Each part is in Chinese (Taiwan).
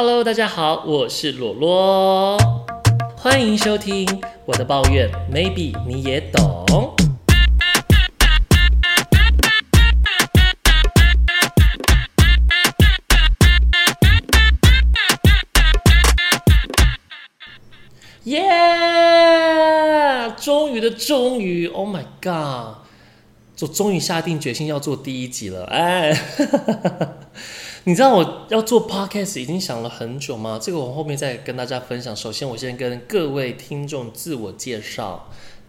Hello，大家好，我是裸裸，歡迎收聽我的抱怨，Maybe 你也懂。Yeah，終於的終於，Oh my God，就終於下定決心要做第一集了，哎。 你知道我要做 Podcast 已經想了很久嗎？這個我後面再跟大家分享。首先，我先跟各位聽眾自我介紹。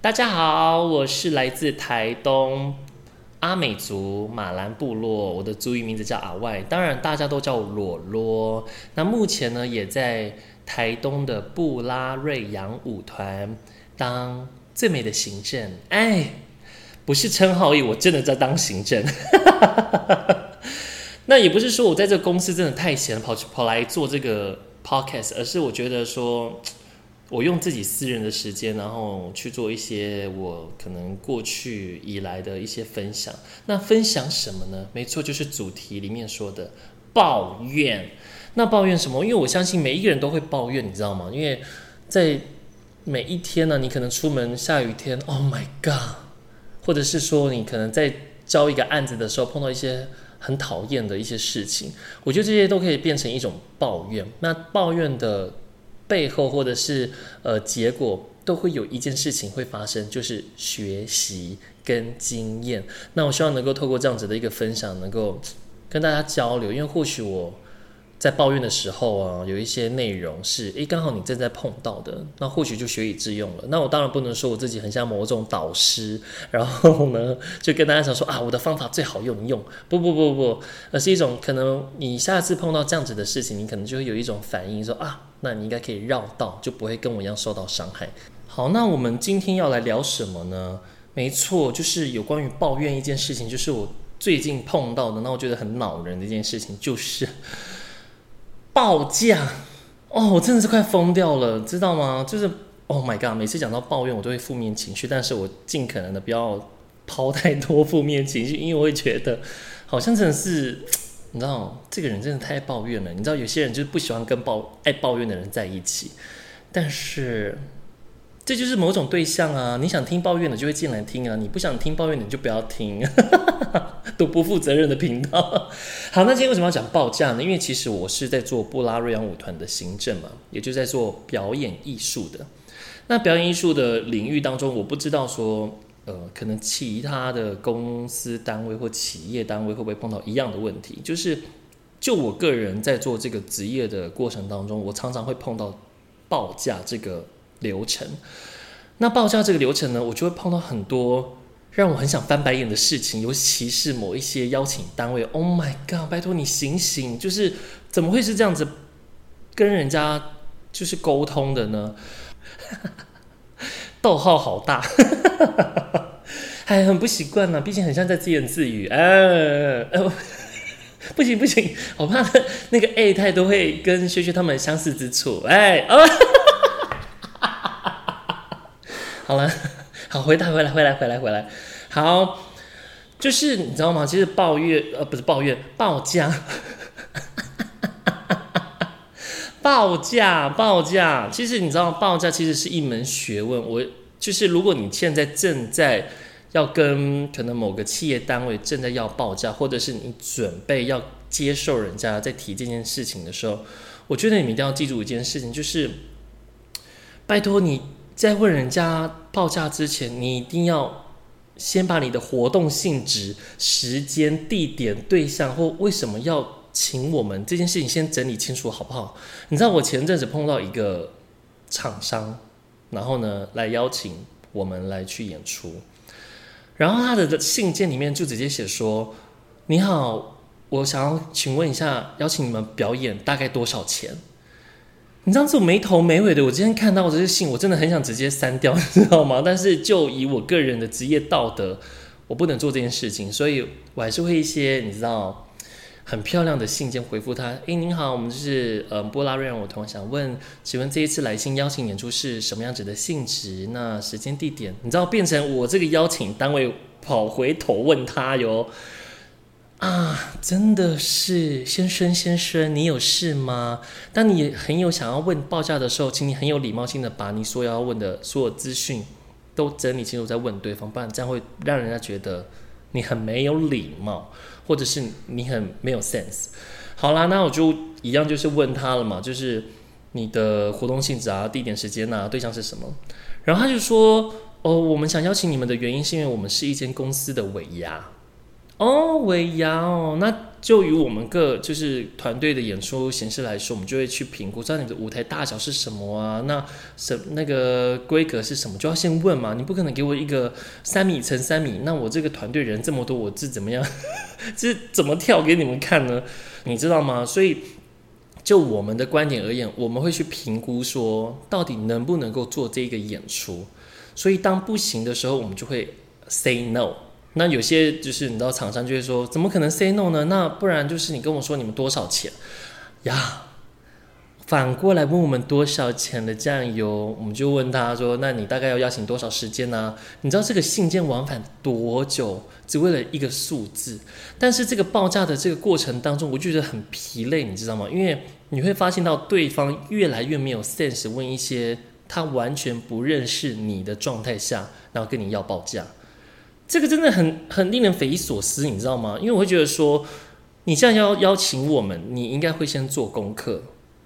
大家好，我是來自台東阿美族馬蘭部落，我的族語名字叫阿外，當然大家都叫我裸裸。那目前呢，也在台東的布拉瑞揚舞團當最美的行政。哎，不是稱號而已，我真的在當行政。 那也不是說我在這個公司真的太閒了，跑去跑來做這個 podcast，而是我覺得說，我用自己私人的時間，然後去做一些我可能過去以來的一些分享。那分享什麼呢？沒錯，就是主題裡面說的抱怨。那抱怨什麼？因為我相信每一個人都會抱怨，你知道嗎？因為在每一天呢、啊，你可能出門下雨天，Oh my God，或者是說你可能在招一個案子的時候碰到一些。很討厭的一些事情，我覺得這些都可以變成一種抱怨。那抱怨的背後，或者是呃，結果都會有一件事情會發生，就是學習跟經驗。那我希望能夠透過這樣子的一個分享，能夠跟大家交流，因為或許我。在抱怨的時候啊，有一些內容是，誒，剛好你正在碰到的，那或許就學以致用了。那我當然不能說我自己很像某種導師，然後呢，就跟大家講說啊，我的方法最好用，用不不不不不，而是一種可能，你下次碰到這樣子的事情，你可能就會有一種反應說啊，那你應該可以繞道，就不會跟我一樣受到傷害。好，那我們今天要來聊什麼呢？沒錯，就是有關於抱怨一件事情，就是我最近碰到的，那我覺得很惱人的一件事情就是。報價哦，我真的是快瘋掉了，知道嗎？就是 Oh my god，每次講到抱怨，我都會負面情緒，但是我盡可能的不要拋太多負面情緒，因為我會覺得好像真的是，你知道，這個人真的太愛抱怨了。你知道，有些人就是不喜歡跟抱愛抱怨的人在一起，但是。這就是某種對象啊！你想聽抱怨的就會進來聽啊，你不想聽抱怨的你就不要聽，都 不負責任的頻道。好，那今天為什麼要講報價呢？因為其實我是在做布拉瑞揚舞團的行政嘛，也就是在做表演藝術的。那表演藝術的領域當中，我不知道說，呃，可能其他的公司單位或企業單位會不會碰到一樣的問題？就是，就我個人在做這個職業的過程當中，我常常會碰到報價這個。流程，那報價這個流程呢，我就會碰到很多讓我很想翻白眼的事情，尤其是某一些邀請單位，Oh my God，拜托你醒醒，就是怎麼會是這樣子跟人家就是溝通的呢？ 逗號好大，哎， 很不習慣呢、啊，畢竟很像在自言自語。哎、啊呃，不行不行，我怕那個 A 太都會跟薛薛他們相似之處。哎、啊、哦。好了，好回答，回來回來回來回來，好，就是你知道嗎？其實抱怨呃不是抱怨報價， 報價報價，其實你知道報價其實是一門學問。我就是如果你現在正在要跟可能某個企業單位正在要報價，或者是你準備要接受人家在提這件事情的時候，我覺得你們一定要記住一件事情，就是拜託你再問人家。報價之前，你一定要先把你的活動性質、時間、地點、對象或為什麼要請我們這件事情先整理清楚，好不好？你知道我前陣子碰到一個廠商，然後呢來邀請我們來去演出，然後他的信件裡面就直接寫說：“你好，我想要請問一下，邀請你們表演大概多少錢？”你知道這種沒頭沒尾的，我今天看到這些信，我真的很想直接刪掉，你知道嗎？但是就以我個人的職業道德，我不能做這件事情，所以我還是會一些你知道很漂亮的信件回復他。誒、欸，您好，我們就是呃、嗯、波拉瑞，讓我同樣想問，請問這一次來信邀請演出是什麼樣子的性質？那時間地點？你知道變成我這個邀請單位跑回頭問他喲。啊，真的是，先生，先生，你有事嗎？當你很有想要問報價的時候，請你很有禮貌性的把你所有要問的所有資訊都整理清楚再問對方，不然這樣會讓人家覺得你很沒有禮貌，或者是你很沒有 sense。好啦，那我就一樣就是問他了嘛，就是你的活動性質啊，地點時間吶、啊，對象是什麼？然後他就說，哦，我們想邀請你們的原因是因為我們是一間公司的尾牙。哦，喂呀哦，那就以我們個就是團隊的演出形式來說，我們就會去評估，知道你的舞台大小是什麼啊，那什那個規格是什麼？就要先問嘛，你不可能給我一個三米乘三米，那我這個團隊人這麼多，我是怎麼樣，這 怎麼跳給你們看呢？你知道嗎？所以，就我們的觀點而言，我們會去評估說，到底能不能夠做這個演出。所以，當不行的時候，我們就會 say no。那有些就是你知道廠商就會說，怎麼可能 say no 呢？那不然就是你跟我說你們多少錢呀？反過來問我們多少錢的醬油，我們就問他說，那你大概要邀請多少時間呢、啊？你知道這個信件往返多久？只為了一個數字，但是這個報價的這個過程當中，我就覺得很疲累，你知道嗎？因為你會發現到對方越來越沒有 sense，問一些他完全不認識你的狀態下，然後跟你要報價。這個真的很很令人匪夷所思，你知道嗎？因為我會覺得說，你現在要邀請我們，你應該會先做功課，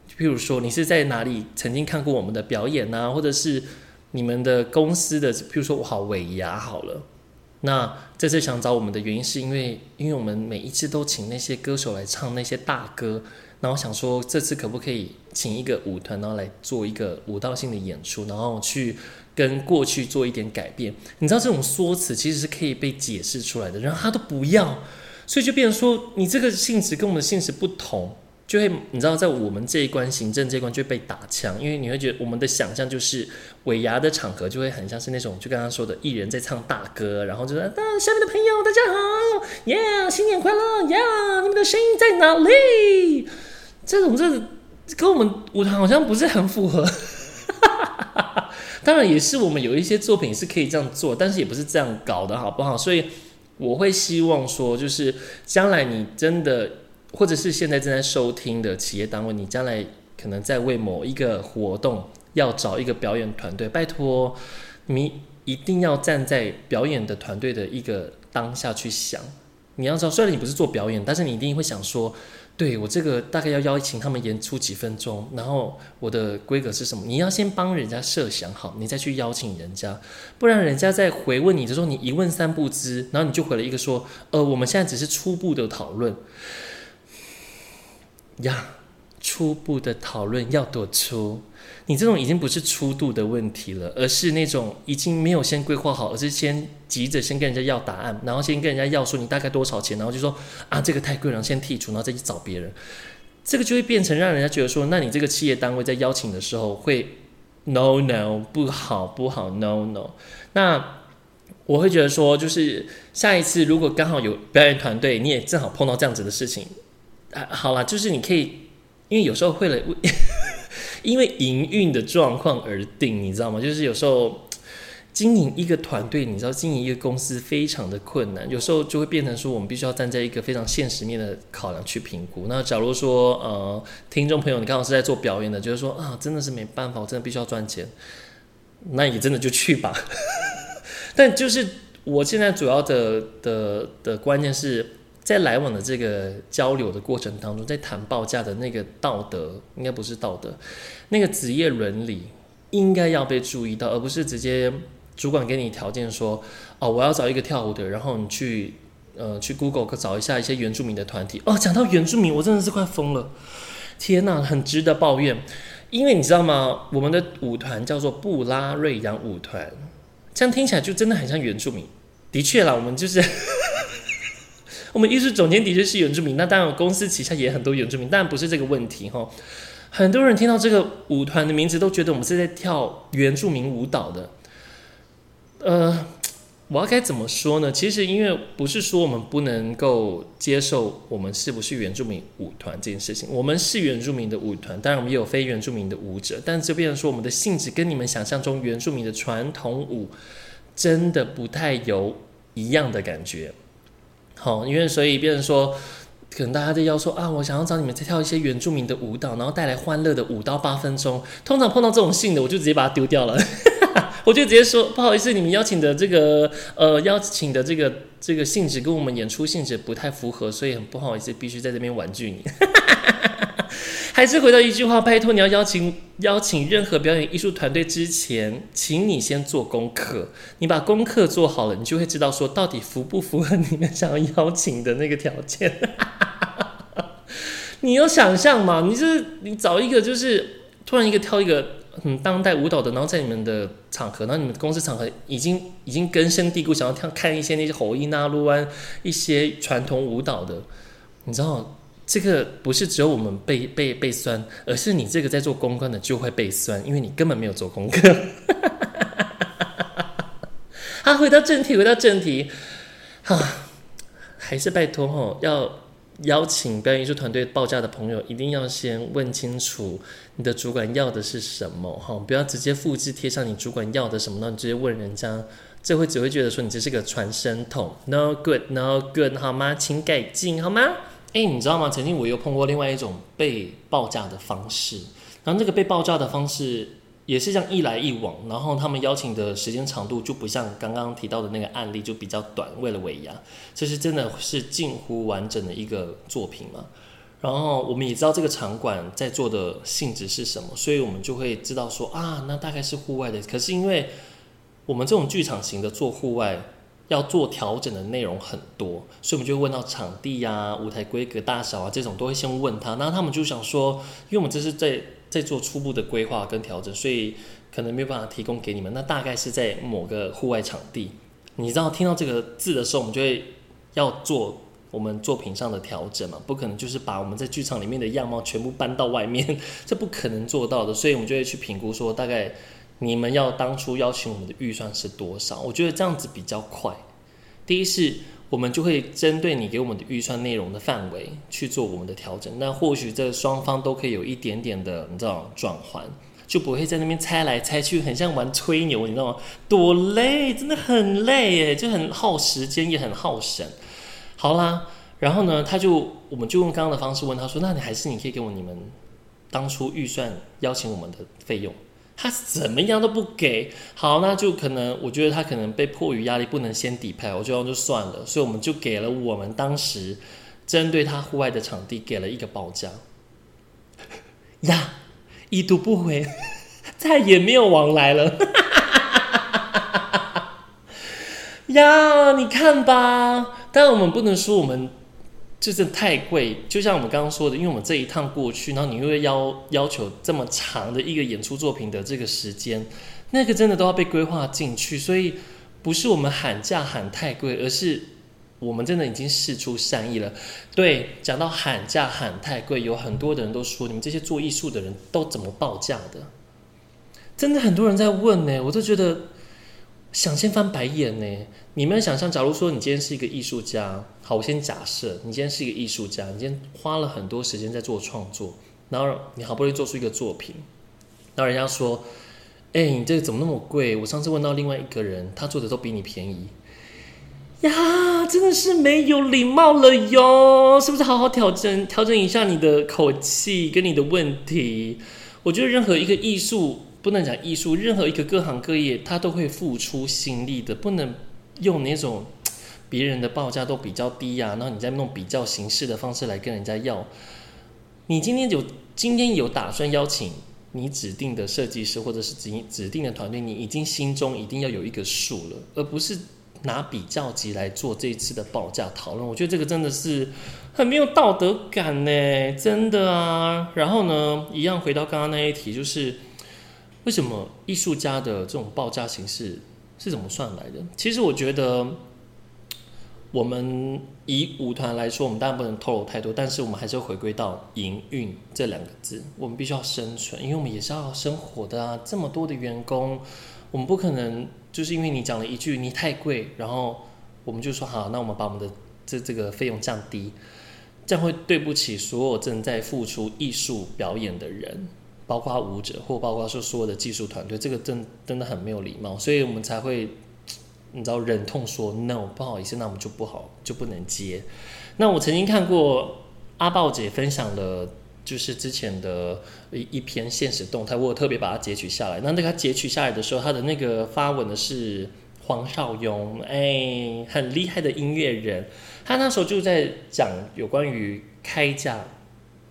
就比如說你是在哪裡曾經看過我們的表演吶、啊，或者是你們的公司的，比如說我好尾牙好了，那這次想找我們的原因是因為，因為我們每一次都請那些歌手來唱那些大歌。然後想說，這次可不可以請一個舞團，然後來做一個舞蹈性的演出，然後去跟過去做一點改變？你知道這種說辭其實是可以被解釋出來的，然後他都不要，所以就變成說，你這個性質跟我們的性質不同，就會你知道，在我們這一關行政這一關就被打槍，因為你會覺得我們的想象就是尾牙的場合就會很像是那種，就跟他說的藝人在唱大歌，然後就是下面的朋友大家好，耶，新年快樂，耶，你們的聲音在哪裡？這種這跟我們舞台好像不是很符合， 當然也是我們有一些作品是可以這樣做，但是也不是這樣搞的好不好？所以我會希望說，就是將來你真的，或者是現在正在收聽的企業單位，你將來可能在為某一個活動要找一個表演團隊，拜托你一定要站在表演的團隊的一個當下去想，你要知道，雖然你不是做表演，但是你一定會想說。對，我這個大概要邀請他們演出幾分鐘，然後我的規格是什麼？你要先幫人家設想好，你再去邀請人家，不然人家在回問你的時候，你一問三不知，然後你就回了一個說：“呃，我們現在只是初步的討論。”呀。初步的討論要多粗？你這種已經不是初度的問題了，而是那種已經沒有先規劃好，而是先急着先跟人家要答案，然後先跟人家要說你大概多少錢，然後就說啊這個太貴了，然後先剔除，然後再去找別人。這個就會變成讓人家覺得說，那你這個企業單位在邀請的時候會 no no 不好不好 no no。那我會覺得說，就是下一次如果剛好有表演團隊，你也正好碰到這樣子的事情，啊、好啦，就是你可以。因為有時候會了，因為營運的狀況而定，你知道嗎？就是有時候經營一個團隊，你知道經營一個公司非常的困難，有時候就會變成說，我們必須要站在一個非常現實面的考量去評估。那假如說，呃，聽眾朋友，你剛好是在做表演的，覺得說，啊，真的是沒辦法，我真的必須要賺錢，那也真的就去吧。但就是我現在主要的的的關鍵是在來往的這個交流的過程當中，在談報價的那個道德，應該不是道德，那個職業倫理應該要被注意到，而不是直接主管給你條件說，哦，我要找一個跳舞的，然後你去呃去 Google 找一下一些原住民的團體。哦，講到原住民，我真的是快瘋了，天哪，很值得抱怨，因為你知道嗎？我們的舞團叫做布拉瑞揚舞團，這樣聽起來就真的很像原住民。的確啦，我們就是。我們藝術總監的確是原住民，那當然公司旗下也很多原住民，但不是這個問題哈。很多人聽到這個舞團的名字，都覺得我們是在跳原住民舞蹈的。呃，我要該怎麼說呢？其實因為不是說我們不能夠接受我們是不是原住民舞團這件事情，我們是原住民的舞團，當然我們也有非原住民的舞者，但這變成說我們的性質跟你們想象中原住民的傳統舞真的不太有一樣的感覺。因為所以別人說，可能大家在要說啊，我想要找你們再跳一些原住民的舞蹈，然後帶來歡樂的五到八分鐘。通常碰到這種性的，我就直接把它丟掉了， 我就直接說，不好意思，你們邀請的這個呃邀請的這個這個性質跟我們演出性質不太符合，所以很不好意思，必須在這邊婉拒你。 還是回到一句話，拜託，你要邀請邀請任何表演藝術團隊之前，請你先做功課。你把功課做好了，你就會知道說到底符不符合你們想要邀請的那個條件。 你有想象嗎？你是你找一個，就是突然一個跳一個很、嗯、當代舞蹈的，然後在你們的場合，然後你們的公司場合已經已經根深蒂固，想要跳看一些那些侯一啊、陸安一些傳統舞蹈的，你知道？這個不是只有我們被被被酸，而是你這個在做公關的就會被酸，因為你根本沒有做功課。好、 啊，回到正題，回到正題。好、啊，還是拜托哈、哦，要邀請表演藝術團隊報價的朋友，一定要先問清楚你的主管要的是什麼哈、哦，不要直接複制貼上你主管要的什麼，那你直接問人家，這會只會覺得說你這是個傳聲筒，no good，no good，好嗎？請改進好嗎？誒，你知道嗎？曾經我又碰過另外一種被報價的方式，然後那個被報價的方式也是這樣一來一往，然後他們邀請的時間長度就不像剛剛提到的那個案例，就比較短。為了尾牙，其實真的是近乎完整的一個作品嘛。然後我們也知道這個場館在做的性質是什麼，所以我們就會知道說啊，那大概是戶外的。可是因為我們這種劇場型的做戶外。要做調整的內容很多，所以我們就會問到場地啊、舞台規格大小啊這種，都會先問他。然後他們就想說，因為我們這是在在做初步的規劃跟調整，所以可能沒有辦法提供給你們。那大概是在某個戶外場地。你知道聽到這個字的時候，我們就會要做我們作品上的調整嘛，不可能就是把我們在劇場裡面的樣貌全部搬到外面，呵呵，這不可能做到的。所以我們就會去評估說大概，你們要當初邀請我們的預算是多少？我覺得這樣子比較快。第一是，我們就會針對你給我們的預算內容的範圍去做我們的調整。那或許這雙方都可以有一點點的你知道轉換，就不會在那邊猜來猜去，很像玩吹牛，你知道嗎？多累，真的很累耶，就很耗時間，也很耗神。好啦，然後呢，他就我們就用剛剛的方式問他說：“那你還是你可以給我們你們當初預算邀請我們的費用。”他怎麼樣都不給。好，那就可能我覺得他可能被迫於壓力，不能先底牌，我就就算了。所以我們就給了我們當時針對他戶外的場地，給了一個報價。呀，已讀不回，再也沒有往來了。呀、 yeah，你看吧，但我們不能說我們。就是真的太貴，就像我們剛剛說的，因為我們這一趟過去，然後你又要要求這麼長的一個演出作品的這個時間，那個真的都要被規劃進去。所以不是我們喊價喊太貴，而是我們真的已經釋出善意了。對，講到喊價喊太貴，有很多的人都說你們這些做藝術的人都怎麼報價的？真的很多人在問呢、欸，我都覺得想先翻白眼呢、欸。你們想象，假如說你今天是一個藝術家，好，我先假設你今天是一個藝術家，你今天花了很多時間在做創作，然後你好不容易做出一個作品，然後人家說：“哎、欸，你這個怎麼那麼貴？我上次問到另外一個人，他做的都比你便宜。”呀，真的是沒有禮貌了喲，是不是？好好調整調整一下你的口氣跟你的問題。我覺得任何一個藝術，不能講藝術，任何一個各行各業，他都會付出心力的，不能。用那種別人的報價都比較低呀、啊，然後你再弄比較形式的方式來跟人家要。你今天有今天有打算邀請你指定的設計師或者是指指定的團隊，你已經心中一定要有一個數了，而不是拿比較級來做這一次的報價討論。我覺得這個真的是很沒有道德感耶，真的啊。然後呢，一樣回到剛剛那一題，就是為什麼藝術家的這種報價形式？是怎麼算來的？其實我覺得，我們以舞團來說，我們當然不能透露太多，但是我們還是會回歸到“營運”這兩個字。我們必須要生存，因為我們也是要生活的啊！這麼多的員工，我們不可能就是因為你講了一句你太貴，然後我們就說好，那我們把我們的這這個費用降低，這樣會對不起所有正在付出藝術表演的人。包括舞者，或包括說所有的技術團隊，這個真的真的很沒有禮貌，所以我們才會，你知道，忍痛說 no，不好意思，那我們就不好就不能接。那我曾經看過阿豹姐分享的，就是之前的一一篇現實動態，我有特別把它截取下來。那那個他截取下來的時候，他的那個發文的是黃少雍，哎、欸，很厲害的音樂人，他那時候就在講有關於開價，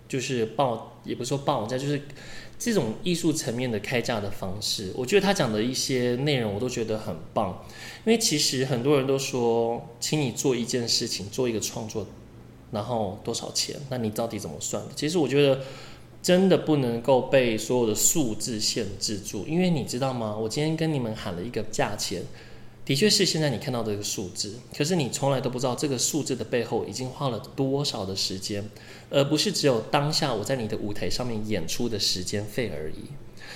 就是報，也不是說報價，就是。這種藝術層面的開價的方式，我覺得他講的一些內容我都覺得很棒，因為其實很多人都說，請你做一件事情，做一個創作，然後多少錢？那你到底怎麼算的？其實我覺得真的不能夠被所有的數字限制住，因為你知道嗎？我今天跟你們喊了一個價錢。的確是現在你看到這個數字，可是你從來都不知道這個數字的背後已經花了多少的時間，而不是只有當下我在你的舞台上面演出的時間費而已，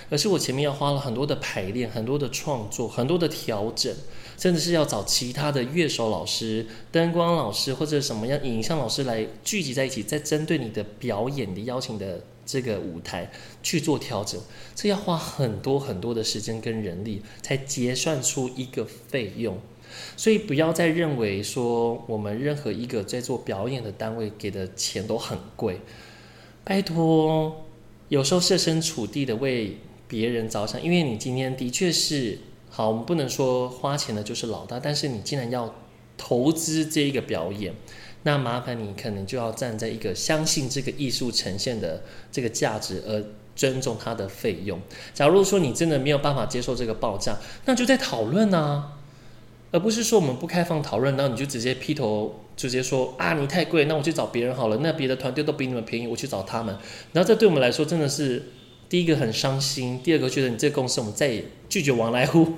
而是我前面要花了很多的排練、很多的創作、很多的調整，甚至是要找其他的樂手、老師、燈光老師或者什麼樣影像老師來聚集在一起，再針對你的表演，你的邀請的。這個舞台去做調整，這要花很多很多的時間跟人力，才結算出一個費用。所以不要再認為說我們任何一個在做表演的單位給的錢都很貴，拜托，有時候設身處地的為別人着想，因為你今天的確是好，我們不能說花錢的就是老大，但是你既然要投資這一個表演。那麻煩你可能就要站在一個相信這個藝術呈現的這個價值而尊重它的費用。假如說你真的沒有辦法接受這個報價，那就再討論啊，而不是說我們不開放討論，然後你就直接劈頭直接說啊，你太貴，那我去找別人好了。那別的團隊都比你們便宜，我去找他們。然後這對我們來說真的是第一個很傷心，第二個覺得你這個公司我們再也拒絕往來戶。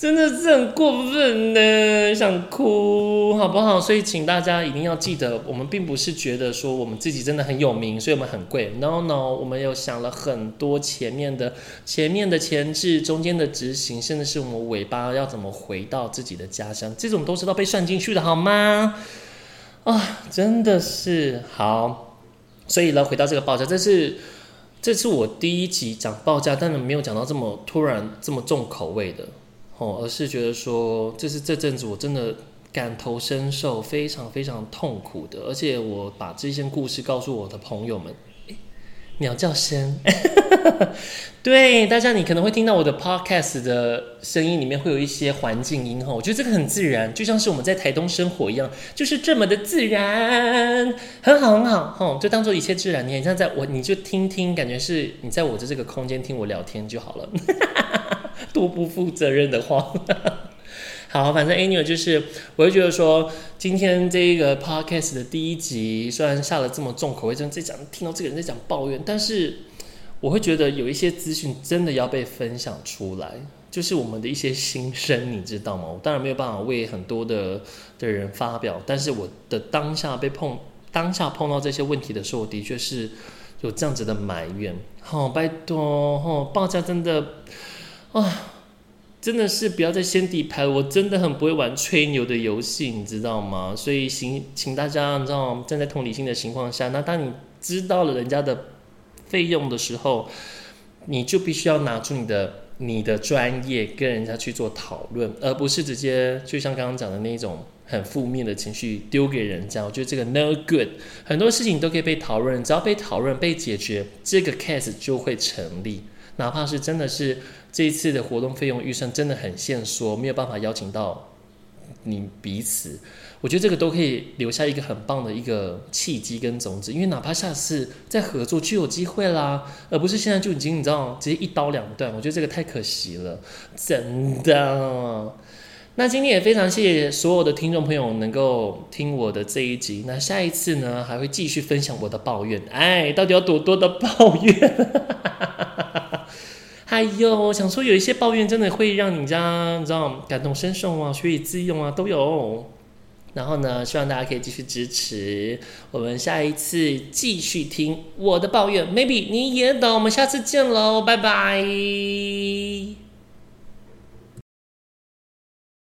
真的是很過分呢，想哭，好不好？所以請大家一定要記得，我們並不是覺得說我們自己真的很有名，所以我們很貴。No No，我們有想了很多前面的、前面的前置、中間的執行，甚至是我們尾巴要怎麼回到自己的家鄉，這種都是要被算進去的，好嗎？啊、哦，真的是好。所以呢，回到這個報價，這是這是我第一集講報價，但是沒有講到這麼突然這麼重口味的。哦，而是覺得說，這是這陣子我真的感同身受，非常非常痛苦的。而且我把這些故事告訴我的朋友們，欸，鳥叫聲， 對大家，你可能會聽到我的 podcast 的聲音裡面會有一些環境音哈，我覺得這個很自然，就像是我們在台東生活一樣，就是這麼的自然，很好很好，哦，就當做一切自然，你很像在我，你就聽聽，感覺是你在我的這個空間聽我聊天就好了。 多不負責任的話， 好，反正 anyway 就是，我會覺得說，今天這一個 podcast 的第一集，雖然下了這麼重口味，真在講聽到這個人在講抱怨，但是我會覺得有一些資訊真的要被分享出來，就是我們的一些心聲，你知道嗎？我當然沒有辦法為很多的的人發表，但是我的當下被碰，當下碰到這些問題的時候，我的確是有這樣子的埋怨，好、哦，拜托，好、哦，報價真的。啊、哦，真的是不要再掀底牌！我真的很不會玩吹牛的遊戲，你知道嗎？所以請請大家，你知道，站在同理心的情況下，那當你知道了人家的費用的時候，你就必須要拿出你的你的專業跟人家去做討論，而不是直接就像剛剛講的那種很負面的情緒丟給人家。我覺得這個 no good，很多事情都可以被討論，只要被討論被解決，這個 case 就會成立。哪怕是真的是這一次的活動費用預算真的很限縮沒有辦法邀請到你彼此，我覺得這個都可以留下一個很棒的一個契機跟種子，因為哪怕下次再合作就有機會啦，而不是現在就已經你知道直接一刀兩斷，我覺得這個太可惜了，真的。那今天也非常謝謝所有的聽眾朋友能夠聽我的這一集，那下一次呢還會繼續分享我的抱怨，哎，到底要多多的抱怨？ 哎呦，還有我想說有一些抱怨真的會讓你家你知道感同身受啊，學以致用啊都有。然後呢，希望大家可以繼續支持，我們下一次繼續聽我的抱怨。Maybe 你也懂，我們下次見嘍，拜拜。